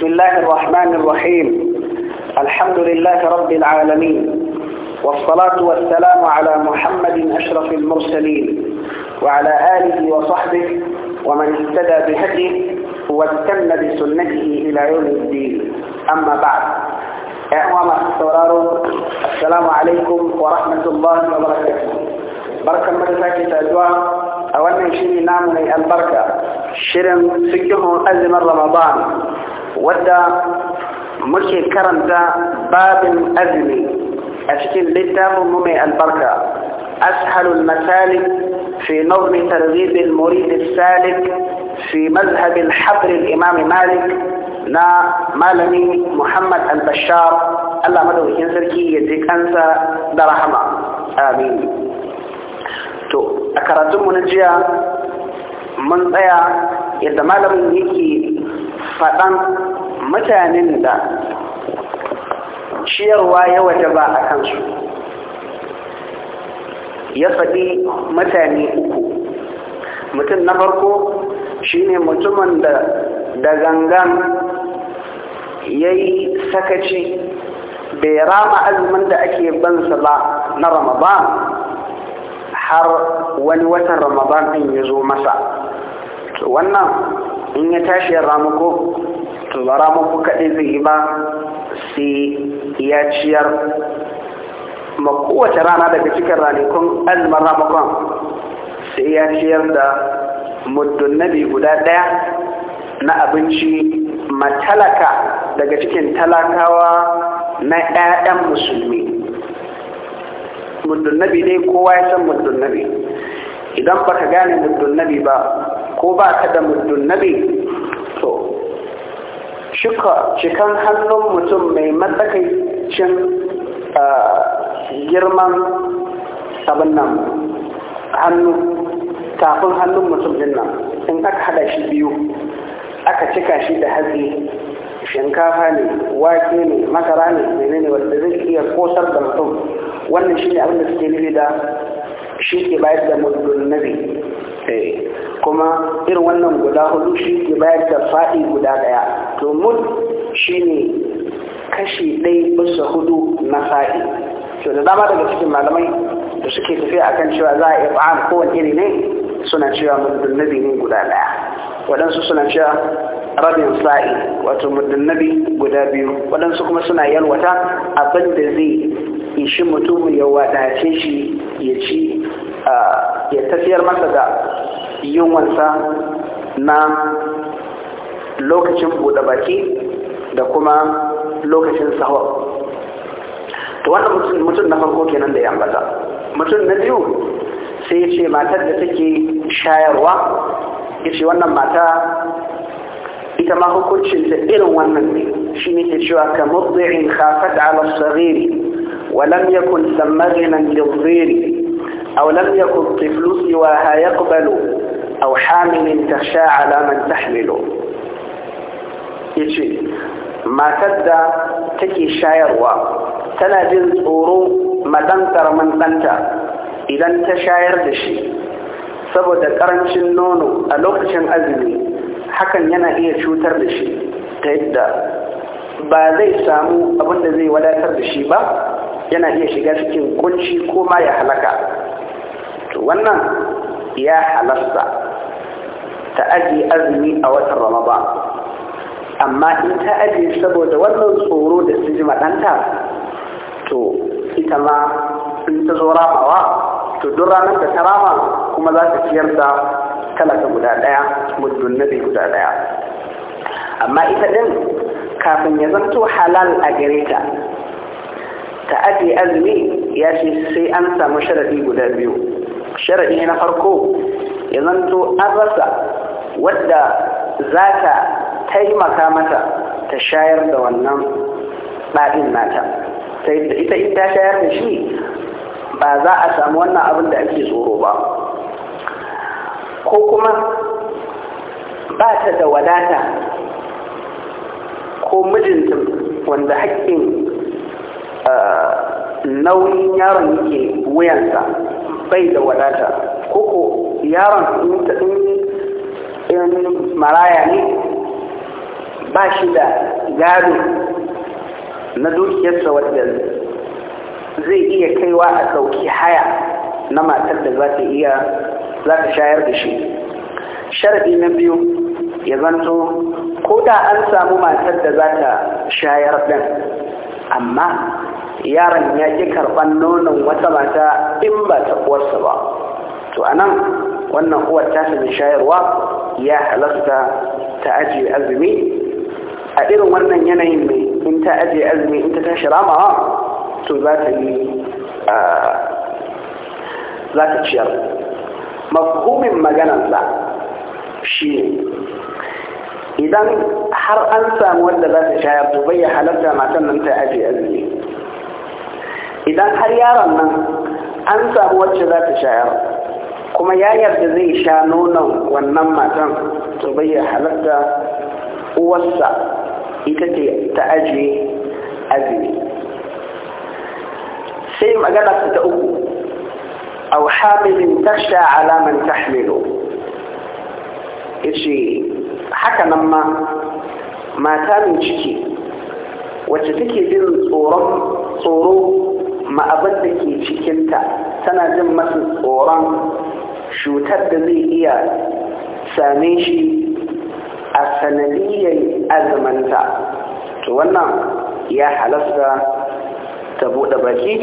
بسم الله الرحمن الرحيم الحمد لله رب العالمين والصلاة والسلام على محمد أشرف المرسلين وعلى آله وصحبه ومن اهتدى بهديه واستنى بسنته إلى يوم الدين أما بعد أعوام السورار السلام عليكم ورحمة الله وبركاته بركة مدفاك تأدوى أولا شيء نامني البركة شرم فكه أزم رمضان wadda muke karanta babin azumi a cikin littafinmu mai albarka ashalul masalik fi nazmi targhib al-murid al-salik fi imam malik na malami muhammad Albashar, bashar Allah madaukakin sarki ya ji kansa da rahama amin to a karatunmu na jiya mun tsaya yadda malamin yake faɗan mutanen da ciyarwa ya waje ba a kansu ya faɗi mutane uku mutum na farko shine mutumin da da gangan ya yi sakaci bai rama azumin da ake bansa ba na ramadan har wani watan ramadan ɗin ya zo masa wannan in ya tashi ya ramuku to ba ramuku kaɗai zai yi ba sai ya ciyar ma kowace rana daga cikin ranakun azumin ramakon sai ya ciyar da muddun nabi guda ɗaya na abinci matalaka daga cikin talakawa na 'ya'yan musulmi muddun nabi dai kowa ya san muddun nabi idan baka gane muddun nabi ba ko ba ka da muddun nabi to cikin hannun mutum mai matsakaicin girman abin nan hannu tafin hannun mutum din nan in aka hada shi biyu aka cika shi da hazi shinkafa ne wake ne makara ne ne, wanda zai iya kosar da mutum wannan shi ne abin da suke nufi da shi ke bayar da mutum nabi eh, kuma irin wannan guda hudu shi ke bayar da fa'i guda daya to mud ne kashi ɗaya bisa hudu na fa'i to da dama daga cikin malamai da suke tafiya akan cewa za a iya ba'an kowane iri ne suna cewa muddin ne guda daya waɗansu suna cewa rabin sa'i wato muddin guda biyu waɗansu kuma suna yalwata abin da zai ishi mutum ya wadace shi ya ci ya tafiyar masa da yunwarsa na lokacin buɗe baki da kuma lokacin sahur to wannan mutum na farko kenan da ya ambata mutum na biyu sai ce matar da take shayarwa ya ce wannan mata ita ma hukuncin hukuncinta irin wannan ne shi ne ke cewa ka da alasariri ala sariri walam yakun sammaginan liziri أو لم يكن طفل سواها يقبل أو حامل تخشى على من تحمله يجي ما تدى تكي شايروا تنجل تورو مدنتر من دنتا إذا انت شاير دشي saboda ƙarancin nono a lokacin azumi hakan yana iya cutar da shi ta yadda ba zai samu abinda zai wadatar da shi ba yana iya shiga cikin kunci ko ma ya halaka wannan ya halasta ta aji azumi a watan ramadan amma in ta saboda wannan tsoro da su ji maɗanta to ita ma in ta zo ramawa to duk ranar da ta rama kuma za ta ciyar da talaka guda ɗaya muddun na guda ɗaya amma ita ɗin kafin ya zanto halal a gare ta ta azumi ya ce sai an samu sharadi guda biyu shara'i na farko ya zanto an rasa wadda za ta taimaka mata ta shayar da wannan ɗaɗin nata ta ita in ta shayar da shi ba za a samu wannan abin da ake tsoro ba ko kuma ba ta da wadata ko mijinta wanda haƙƙin eh, nauyin yaron yake wuyansa bai da wadata koko yaron in maraya ne ba shi da gado na dukiyarsa wadda zai iya kaiwa a sauki haya na matar da za ta iya za ta shayar da shi sharadi na biyu ya zanto ko da an samu matar da za ta shayar ɗin amma yaron ya ƙi karɓar nonon wata mata in ba ta uwarsa ba to anan wannan uwar ta sami shayarwa ya halasta ta ajiye azumi a irin wannan yanayin mai in ta ajiye azumi in ta tashi ramawa to za ta yi za ciyar mafhumin maganarsa shi idan har an samu wanda za ta shayar to bai halarta matan nan ta ajiye azumi idan har yaron nan an samu wacce za ta shayar kuma ya yarda zai sha nonon wannan matan to bai halatta uwarsa ita ce ta ajiye azumi sai magana ta uku aw tasha ala man tahmilu على haka nan ma mata لما ciki wacce take jin جن tsoro ma abin da ke cikinta tana jin masu tsoron cutar da zai iya same shi a sanadiyyar azumanta to wannan ya halasta ta buɗe baki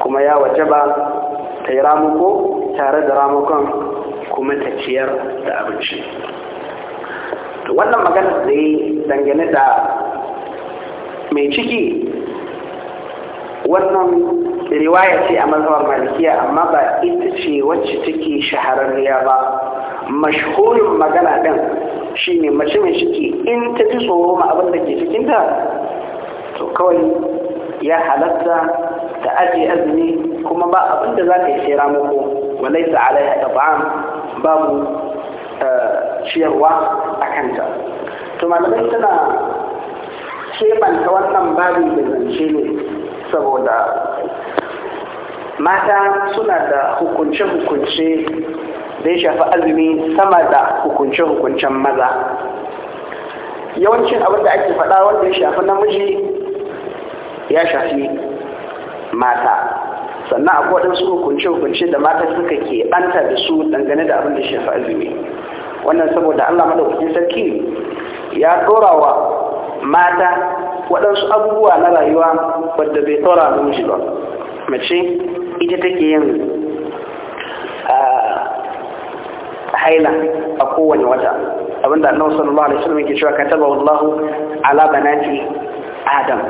kuma ya waje ba ta yi ramuko tare da ramukon kuma ta ciyar da abinci to wannan magana da yi dangane da mai ciki wannan riwaya ce a mazhabar malikiya amma ba ita ce wacce take shahararriya ba mashhurin magana din shine mace mai shiki in ta ji tsoro ma abin da ke cikinta to kawai ya halatta ta aje azumi kuma ba abin da za ta yi sai ramako walaisa alaiha tab'am babu eh, ciyarwa a kanta to malamai suna kebanta wannan babu da zance ne saboda mata suna da hukunce-hukunce da ya shafi azumi sama da hukunce-hukuncen maza yawancin abin da ake faɗa wanda ya shafi namiji ya shafi mata sannan akwai waɗansu hukunce-hukunce da mata suka ke ɓanta da su dangane da abin da shafi azumi wannan saboda allah madaukakin sarki ya ɗora wa mata waɗansu abubuwa na rayuwa wadda bai tsora namiji ba mace ita take yin haila a kowane wata abinda annabi sallallahu alaihi wasallam yake cewa kataba wallahu ala banati adam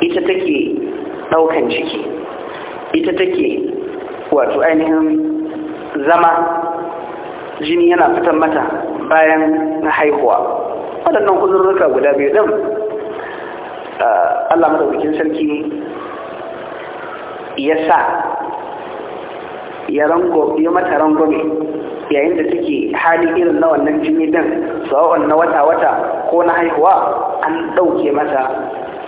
ita take daukan ciki ita take wato ainihin zama jini yana fitan mata bayan na haihuwa waɗannan kuzurruka guda biyu ɗin Allah madaukakin sarki ya sa ya rango ya mata rangwame yayin da take hali irin na wannan jini din sawon na wata-wata ko na haihuwa an ɗauke mata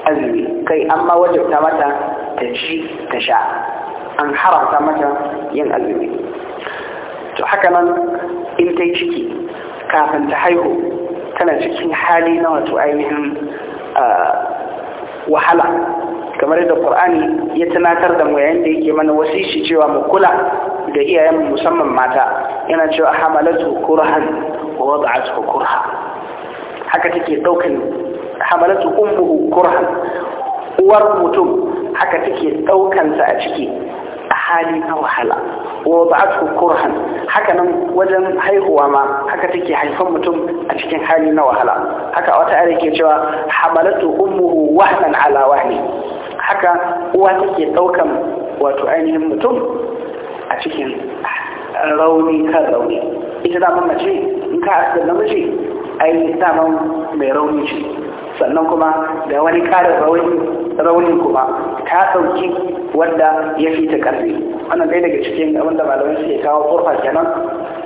azumi kai an ma wajabta mata ta ci ta sha an haramta mata yin azumi to haka nan in ta yi ciki kafin ta haihu tana cikin hali na wato ainihin wahala kamar yadda ƙur'ani ya tunatar da mu yayin da yake mana wasishi cewa mu kula ga iyayen musamman mata yana cewa hamalatu kurhan wa wada'atu kurha haka take daukan hamalatu ummuhu kurhan uwar mutum haka take daukan sa a ciki a hali na wahala وضعته كرها haka hakanan wajen haihuwa ma haka take haifan mutum a cikin hali na wahala haka wata ayar ke cewa hamalatu ummuhu wahnan alawa ne, haka uwa take ɗaukan wato ainihin mutum a cikin rauni kan rauni ita da mace in ka asir namiji ai da mai rauni ce sannan kuma ga wani ƙarar raunin kuma ta ɗauki wanda ya fi ta ƙarfi wannan ɗaya daga cikin abin da malamai suke kawo ƙorfa kenan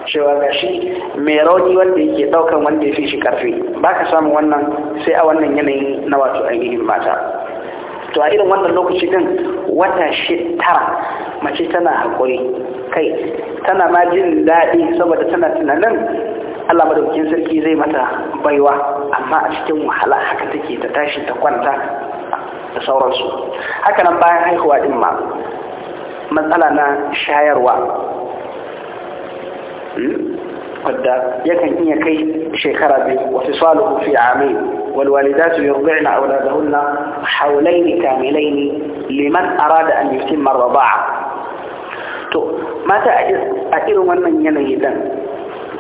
cewa ga shi mai rauni wanda yake ɗaukan wanda ya fi shi ƙarfi ba ka samu wannan sai a wannan yanayi na wato ainihin mata to a irin wannan lokaci din wata shekara mace tana haƙuri kai tana ma jin daɗi saboda tana tunanin Allah madaukakin sarki zai mata baiwa amma a cikin wahala haka take ta tashi ta kwanta da sauransu haka nan bayan haihuwa din ma matsala na shayarwa hmm? فدا يكن إني كي شيء خرابي وفصاله في عامين والوالدات يرضعن أولادهن حولين كاملين لمن أراد أن يتم الرضاعة تو ما تأجر من من يلي دن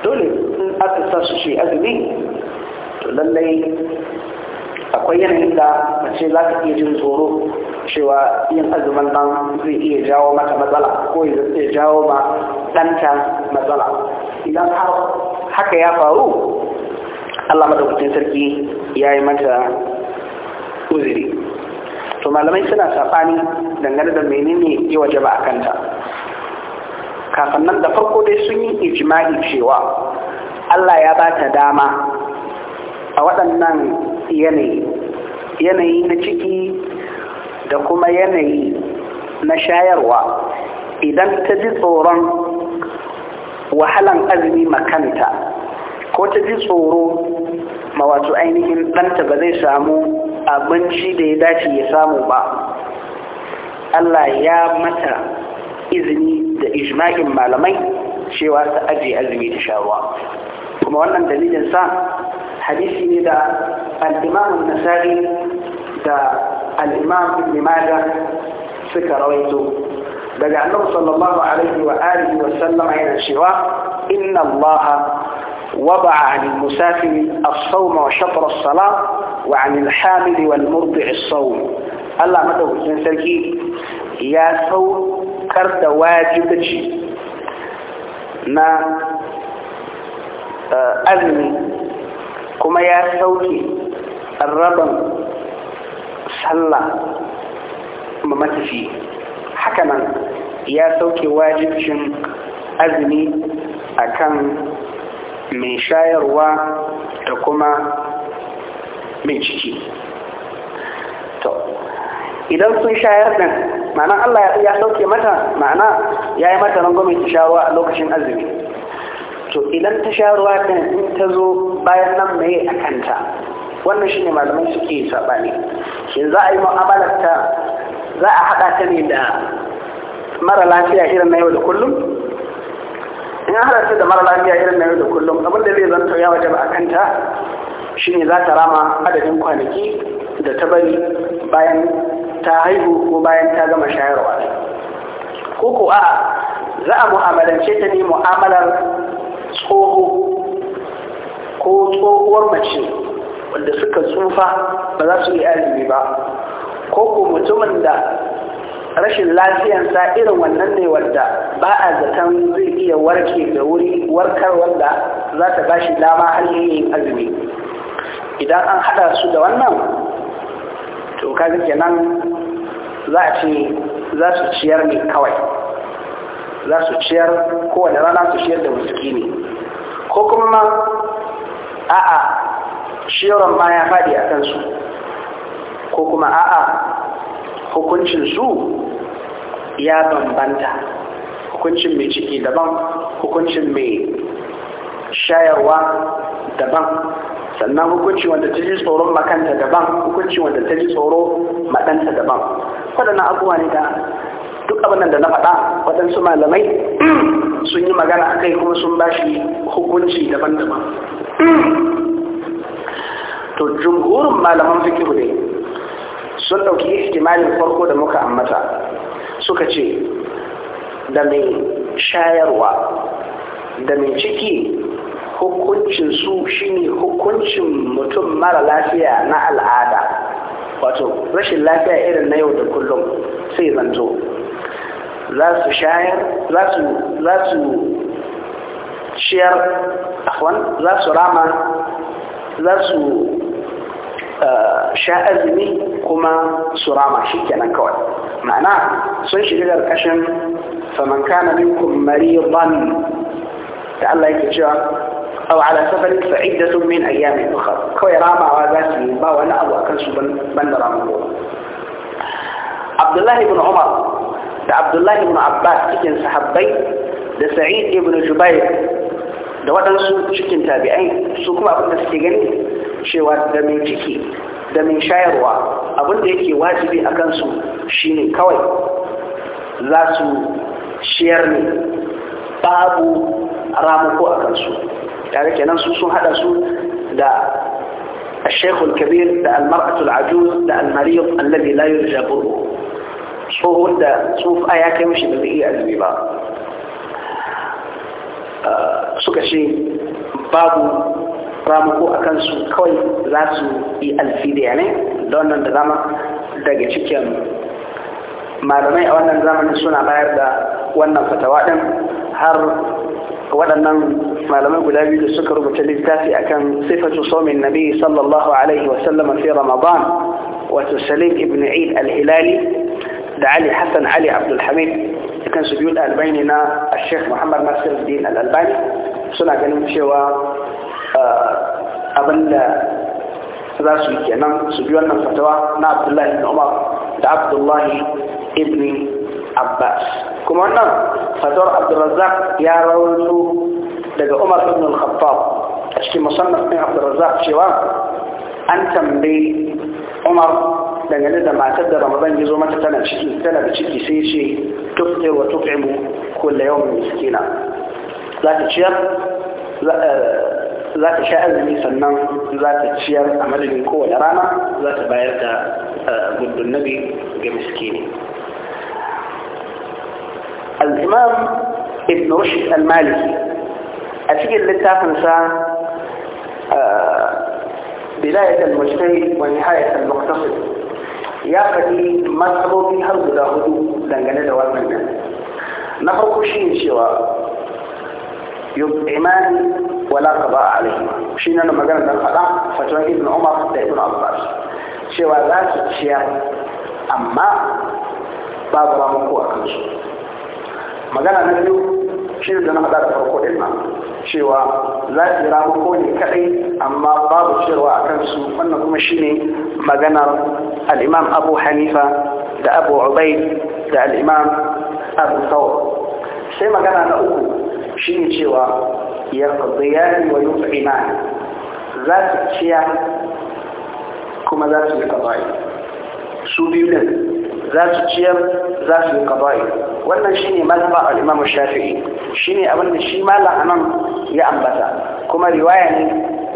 تولي أتساس شيء أذني تولي أقوينا إلا مثل لا تجد زوره شوى ين أزمن دن في إيجاو ما تمزلا كوي إيجاو ما تنتا مزلا idan har haka ya faru Allah madaukakin sarki ya yi mata uzuri to malamai suna safani dangane da menene ya waje ba a kanta kafin nan da farko dai sun yi ijima'i cewa Allah ya ba ta dama a waɗannan yanayi yanayi na ciki da kuma yanayi na shayarwa idan ta ji tsoron wahalan azumi makanta ko ta ji tsoro ma wato ainihin ɗanta ba zai samu abinci da ya dace ya samu ba Allah ya mata izini da ijma'in malamai cewa ta aje azumi ta shawa kuma wannan dalilin sa hadisi ne da al-imam nasari da al-imam suka rawaito daga annabi sallallahu alaihi wa alihi wa sallama yana cewa inna Allah وضع عن المسافر الصوم وشطر الصلاة وعن الحامل والمرضع الصوم الله مدوكين سركي يا صوم كرد واجبتي na azumi kuma ya sauke rabin sallah matafi hakanan ya sauke wajibcin azumi akan mai shayarwa da kuma mai ciki to idan sun shayar din ma'ana Allah ya sauke mata ma'ana ya yi mata nan ta a lokacin azumi to idan ta shayarwa din in ta zo bayan nan mai a kanta wannan shine malamai suke ne. shi za a yi mu'amalar ta za a haɗa ta ne da mara lafiya irin na yau da kullum in an haɗa ta da mara lafiya irin na yau da kullum abin da zai zan tauya waje ba a kanta shine za ta rama adadin kwanaki da ta bari bayan ta haihu ko bayan ta gama shayarwa ko ko a za a mu'amalance ta ne mu'amalar tsoho ko tsohuwar mace wanda suka tsufa ba za su yi azumi ba ko ko mutumin da rashin lafiyansa irin wannan ne wadda ba a zaton zai iya warke da wuri warkar wanda za ta ba shi dama har azumi idan an hada su da wannan to kaga kenan za a ce za su ciyar ne kawai za su ciyar kowane rana su ciyar da ne. ko kuma a'a shiyaron ma ya faɗi a kansu ko kuma a'a hukuncin su ya bambanta hukuncin mai ciki daban hukuncin mai shayarwa daban sannan hukunci wanda ta ji tsoron makanta daban hukunci wanda ta ji tsoro maɗanta daban waɗannan abubuwa ne da duk abin da na faɗa waɗansu malamai sun yi magana a kai kuma sun bashi hukunci daban-daban to jumhurin malaman fikiru ne sun ɗauki ihtimalin farko da muka ammata suka ce da mai shayarwa da mai ciki hukuncin su shine hukuncin mutum mara lafiya na al'ada wato rashin lafiya irin na yau da kullum sai zanto za su shayar za su ciyar za su rama za su sha azumi kuma su rama shi kenan kawai ma'ana sun shiga ƙarƙashin faman minkum maridan da Allah yake cewa aw ala safarin fa'iddatun min ayyamin ukhra kawai ramawa za su yi ba wani abu akan su ban da ramawa Abdullah ibn Umar da Abdullah ibn Abbas cikin sahabbai da Sa'id ibn Jubair da waɗansu cikin tabi'ai su kuma abin da suke gani cewa da mai ciki da mai shayarwa abinda yake wajibi a kansu shine kawai za su shiyar ne babu ramuko a kansu tare kenan su sun hada su da الشيخ الكبير ده المرأة العجوز ده المريض الذي لا يرجى بره tsohon da tsufa a ya kai mashi da zai iya azumi ba suka ce babu ramuko a kansu kawai za su yi alfidiya ne da wannan da zama daga cikin malamai a wannan zamanin suna bayar da wannan fatawa ɗin har waɗannan malamai guda biyu da suka rubuta littafi akan sifatu somin nabi sallallahu alaihi wa wasallam fi ramadan wato salim ibn eid al-hilali da ali hassan ali abdulhamid su biyu da albani na sheikh muhammad nasir din al-albani suna ganin cewa Eh, abinda za su yi nan su bi wannan fatawa na abdullahi ibn umar da abdullahi Ibni abbas kuma wannan fatawar abdurrazzaq ya rawaito daga umar ibn al-khattab a cikin musannaf ɗin abdurrazzaq cewa an tambayi umar dangane da matar da ramadan ya zo mata tana ciki tana da ciki sai ce tufte wa tuf'imu kulla yawmin miskina za ta ciyar eh, za ta sha azumi sannan za ta ciyar a madadin kowane rana za ta bayar da gudun nabi ga miskini al-imam ibn rushd al-maliki a cikin littafinsa بداية المجتهد ونهاية المقتصد يا فدي مسبوبي هل غدا هدو دنگane da wannan na farko shine cewa yub'iman wala ka ba a alaihi shi ne na magana dan faɗa fatuwar ibn umar da ibn abbas cewa za su ciyar amma babu ba ko a kansu magana na biyu shi ne na faɗa da farko ɗin nan cewa za su ramu ko ne kaɗai amma babu ciyarwa a kansu wannan kuma shi ne maganar al'imam abu hanifa da abu ubaid da al'imam abu thawr sai magana na uku shi ne cewa yaqdiyan wa yut'iman za su ciya kuma za su yi qada'i su biyu din za su ciyar za su yi qada'i wannan shine mazhab al-Imam Shafi'i shine abin da shi malam anan ya ambata kuma riwaya ne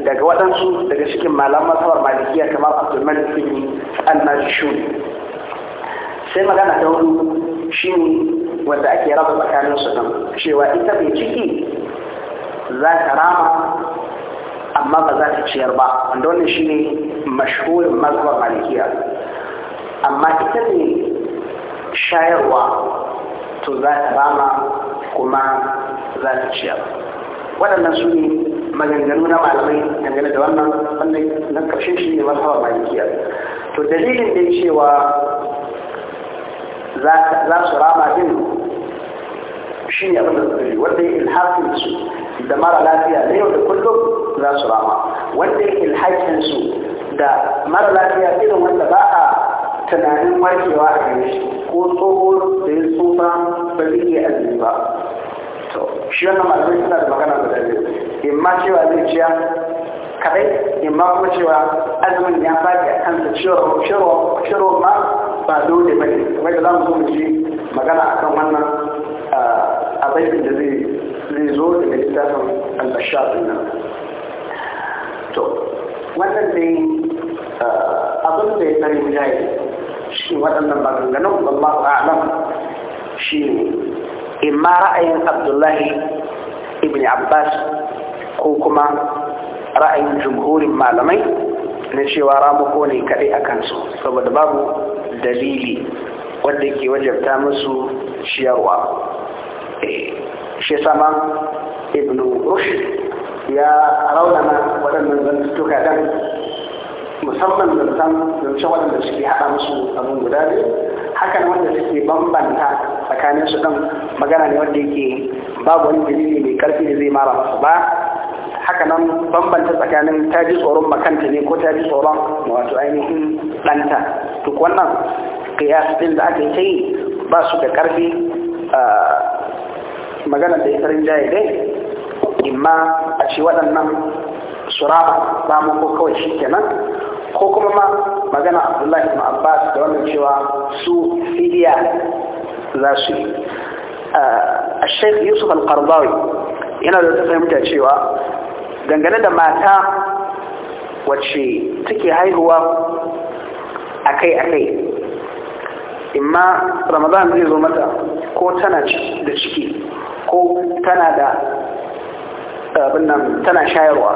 daga waɗansu daga cikin malaman masawar malikiya kamar Abdul Malik ibn al sai magana ta hudu shine wanda ake raba tsakanin su nan cewa ita mai ciki za ta rama amma ba za ta ciyar ba wanda wannan shi ne mashhurin mazhabar malikiya amma ita ne shayarwa to za ta rama kuma za ta ciyar waɗannan su ne maganganu na malamai dangane da wannan wannan na ƙarshe shi ne mazhabar malikiya to dalilin da cewa za su rama din shi ne abin da suka yi wanda ya ilhafin su da mara lafiya na yau da kullum za su rama wanda yake alhakinsu da mara lafiya irin wanda ba a tunanin warkewa a gare shi ko tsohon da ya tsufa ba zai iya azumi ba to shi wannan malamai suna da magana guda biyu imma cewa zai ciya kadai imma kuma cewa azumin ya fage a kansa shiro ma ba dole ba ne wanda za mu zo mu ji magana akan wannan abin ah, da zai zai zo daga littafin al-bashar nan to wannan dai ah, abin da ya tsari jayi shi waɗannan maganganun wallahu a'lam shi ne imma ra'ayin abdullahi ibn abbas ko kuma ra'ayin jumhurin malamai na cewa ramuko ne kaɗai a kansu saboda babu dalili wanda ke wajabta musu ciyarwa eh, shi sama ibn rush ya raunana waɗannan zantuka dan musamman zantan zancen waɗanda suke haɗa musu abin guda biyu hakan wanda suke bambanta tsakanin su ɗan magana ne wanda yake babu wani dalili mai ƙarfi da zai mara musu ba haka nan bambanta tsakanin ta ji tsoron makanta ne ko ta ji tsoron wato ainihin ɗanta duk wannan kiyas ɗin da aka yi ta yi ba su da ƙarfi ah, magana da ya rinjaye dai imma a ce waɗannan suraba samun ko kawai shi kenan ko kuma ma magana abdullahi ibn abbas da wannan cewa su fidiya za su yi a shaikh yusuf al yana da fahimta cewa dangane da mata wacce take haihuwa akai-akai imma ramadan zai zo mata ko tana da ciki ko tana da abin tana shayarwa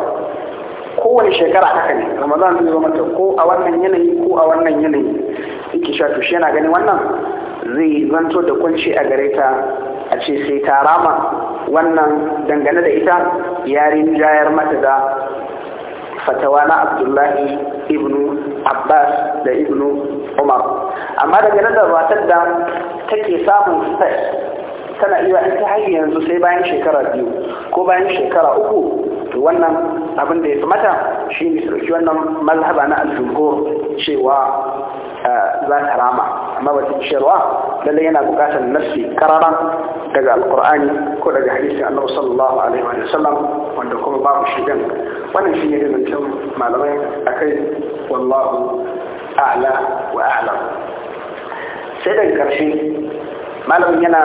kowane shekara haka ne ramadan zai zama ta ko a wannan yanayi ko a wannan yanayi yake sha to shi yana gani wannan zai zanto da kunci a gare ta a ce sai ta rama wannan dangane da ita yarin jayar mata da fatawa na abdullahi ibnu abbas da ibnu umar amma daga nan da da take samun space tana iya in ta haihu yanzu sai bayan shekara biyu ko bayan shekara uku to wannan abin da ya fi mata shi ne su ɗauki wannan mazhaba na al cewa eh, za ta rama amma ba ta ciyarwa lallai yana buƙatar nafsi kararan daga alƙur'ani ko daga hadisin annabi sallallahu alaihi wa sallam wanda kuma babu shigan wannan shi ne zancen malamai akai wallahu a'la wa a'lam sai daga ƙarshe malamin yana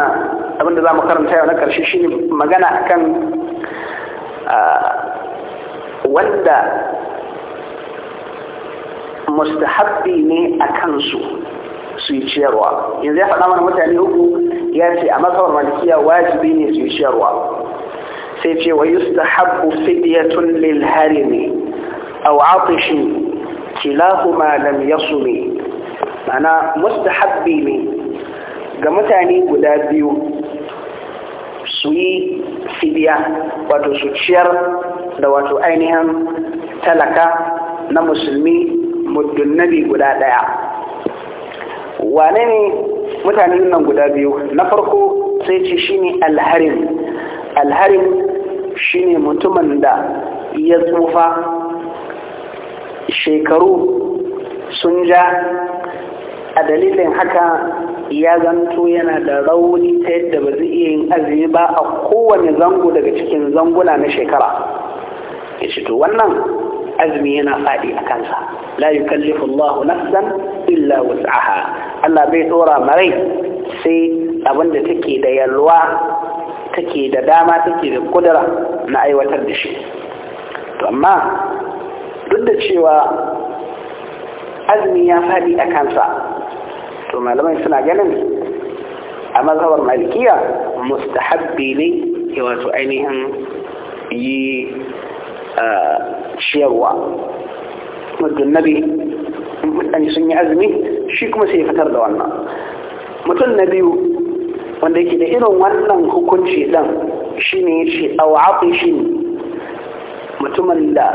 abinda za mu karanta yau na karshe shine magana akan wanda mustahabbi ne a kansu su yi ciyarwa yanzu ya faɗa mana mutane uku ya ce a matsawar malikiya wajibi ne su yi ciyarwa sai ce wa yustahabbu fidyatun lil harimi aw atishin kilahuma yasu ne mana mustahabbi ne ga mutane guda biyu su yi fidiya wato su ciyar da wato ainihin talaka na musulmi muddin nabi guda ɗaya wane ne mutanen nan guda biyu na farko sai ce shine alharin alharin shine mutumin da ya tsufa shekaru sun ja a dalilin haka ya zanto yana da rauni ta yadda ba zai iya yin azumi ba a kowane zango daga cikin zanguna na shekara ya ce to wannan azumi yana faɗi a kansa la yukallifu Allahu nafsan illa wus'aha Allah bai tsora marai sai abin da take da yalwa take da dama take da kudura na aiwatar da shi to amma duk da cewa azumi ya faɗi a kansa to malamai suna ganin a mazhabar malikiya mustahabbi ne ya wato ainihin yi ciyarwa muddin nabi mutane sun yi azumi shi kuma sai ya fitar da wannan mutum na biyu wanda yake da irin wannan hukunci ɗan shi ne ya ce awafi shi ne mutumin da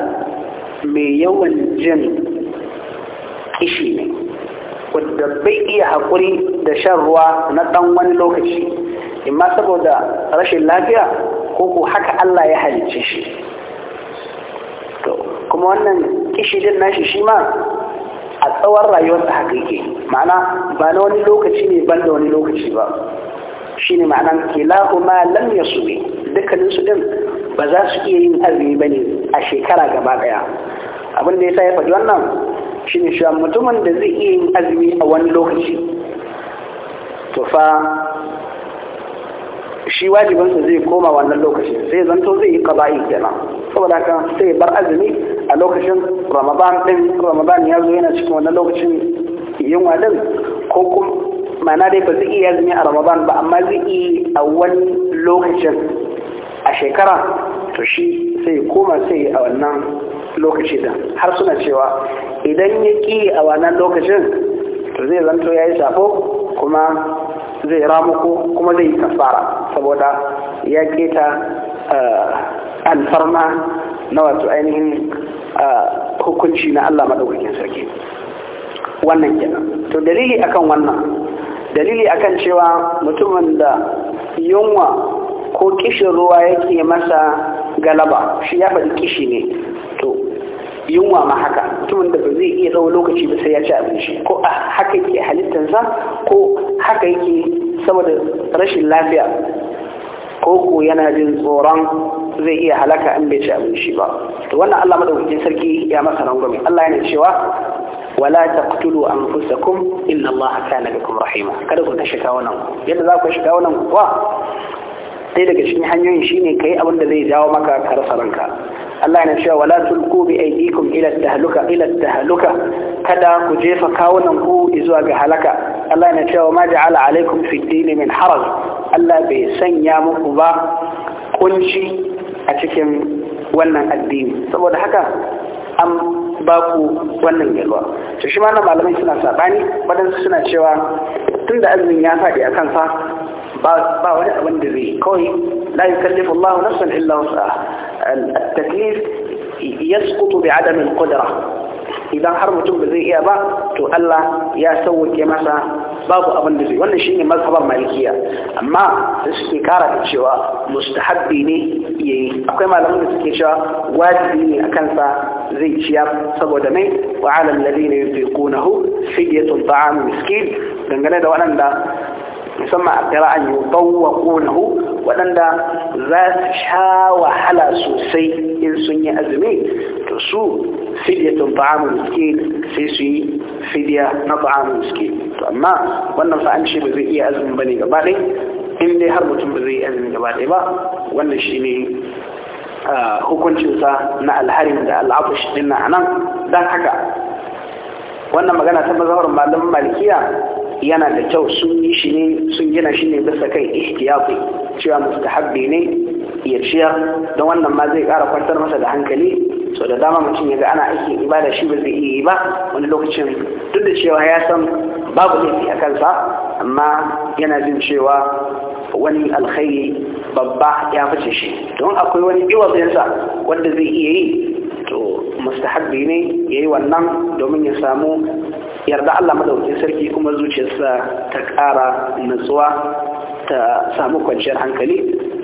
mai yawan jin kishi ne wadda bai iya haƙuri da shan ruwa na ɗan wani lokaci imma saboda rashin lafiya ko ko haka Allah ya halicce shi kuma wannan kishirin nashi shi ma a tsawon rayuwarsa haka yake ma'ana ba na wani lokaci ne ban da wani lokaci ba shi ne ma'anan ma lam ya su ne dukkaninsu din ba za su iya yin azumi ba ne a shekara gaba daya abin da ya sa ya faɗi wannan ne shi mutumin da zai iya yin azumi a wani lokaci to fa shi wajibinsa zai koma wannan lokaci sai zanto zai yi kaba'i kenan saboda kan sai bar azumi a lokacin ramadan din ramadan ya zo yana cikin wannan lokacin yunwa din ko kuma ma'ana dai ba zai iya azumi a ramadan ba amma zai iya a wani lokacin a shekara to shi sai koma sai a wannan lokaci din har suna cewa idan ya ƙi a wannan lokacin to zai zanto ya yi safo kuma zai ramuku kuma zai yi kafara saboda ya keta eh, alfarma na wato ainihin eh, hukunci na Allah maɗaukakin sarki wannan kenan to dalili akan wannan dalili akan cewa mutumin da yunwa ko kishin ruwa yake masa galaba shi ya faɗi kishi ne to yunwa ma haka mutumin da ba zai iya tsawo lokaci ba sai ya ci abinci ko a haka yake halittarsa ko haka yake saboda rashin lafiya ko ko yana jin tsoron zai iya halaka an bai ci abinci ba to wannan Allah madaukakin sarki ya masa rangwame Allah yana cewa wala taqtulu anfusakum inna Allah kana bikum rahima kada ku kashe kawunan yadda za ku shiga wannan kuwa sai daga cikin hanyoyin shine kai abin da zai jawo maka ka rasa Allah yana cewa wala tulku bi aydikum ila tahluka ila tahluka kada ku jefa kawunan ku zuwa ga halaka Allah yana cewa ma ja'ala alaikum fi dini min haraj Allah bai sanya muku ba kunci a cikin wannan addini saboda haka an ba ku wannan yalwa to shi ma malamai suna sabani Wadansu suna cewa tunda azumin ya faɗi a kansa ba wani abin da zai kawai la yukallifu Allah nafsan illa wasaha at-taklif yasqutu bi adam al idan har mutum ba zai iya ba to Allah ya sauke masa babu abin da zai wannan shine mazhabar malikiya amma da suke kara da cewa mustahabbi ne yayi akwai malamin da suke cewa wajibi ne akan sa zai ciya saboda mai wa alal ladina yutiqunahu fidyatun ta'am miskin dangane da waɗanda musamman a kira an yi bawa ƙonahu waɗanda za su sha wahala sosai in sun yi azumi to su fidyatun ta'amun suke sai su yi fidya na ta'amun suke to amma wannan fa an ba zai iya azumi ba ne gaba ɗai in dai har mutum ba zai iya azumi gaba ɗai ba wannan shi ne hukuncinsa na alharin da al'afush ɗin na anan don haka wannan magana ta mazhabar malamin malikiya yana da kyau sun yi shi ne sun gina shi ne bisa kai ihtiyafi cewa mustahabbi ne ya ciyar don wannan ma zai kara kwantar masa da hankali so da dama mutum ya ga ana aikin ibada shi ba zai iya yi ba wani lokacin duk da cewa ya san babu laifi a kansa amma yana jin cewa wani alkhairi babba ya fice shi don akwai wani iwazinsa wanda zai iya yi to mustahabbi ne ya yi wannan domin ya samu yarda Allah madaukakin sarki kuma zuciyarsa ta ƙara nutsuwa ta samu kwanciyar hankali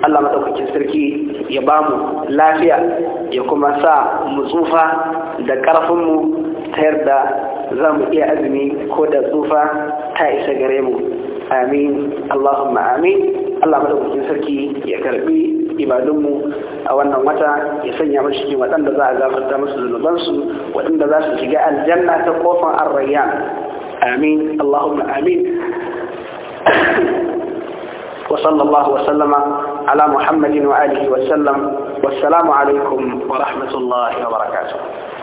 Allah madaukakin sarki ya ba mu lafiya ya kuma sa mu tsufa da ƙarfinmu ta yarda za mu iya azumi ko da tsufa ta isa gare mu amin Allahumma amin Allah madaukakin sarki ya karbi ibadunmu a wannan wata ya sanya mashi cikin waɗanda za a gafarta musu zunubansu waɗanda za su shiga aljanna ta kofan arrayyan amin allahumma amin وصلى الله وسلم على محمد وآله وسلم والسلام عليكم ورحمة الله وبركاته